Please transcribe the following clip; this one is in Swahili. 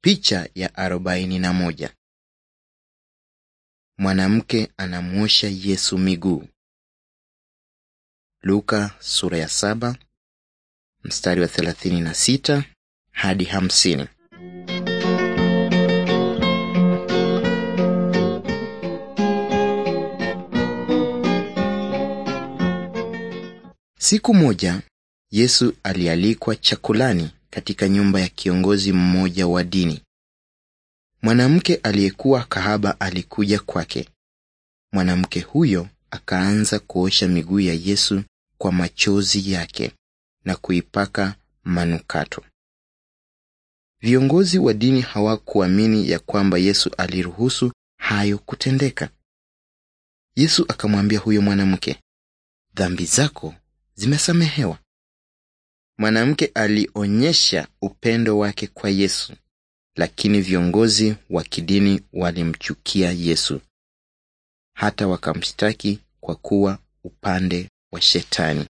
Picha ya arobaini na moja. Mwanamke anamwosha Yesu miguu. Luka sura ya saba mstari wa na sita hadi hamsini. Siku moja Yesu alialikwa chakulani katika nyumba ya kiongozi mmoja wa dini. Mwanamke aliyekuwa kahaba alikuja kwake. Mwanamke huyo akaanza kuosha miguu ya Yesu kwa machozi yake na kuipaka manukato. Viongozi wa dini hawakuamini ya kwamba Yesu aliruhusu hayo kutendeka. Yesu akamwambia huyo mwanamke, dhambi zako zimesamehewa. Mwanamke alionyesha upendo wake kwa Yesu, lakini viongozi wa kidini walimchukia Yesu, hata wakamshtaki kwa kuwa upande wa Shetani.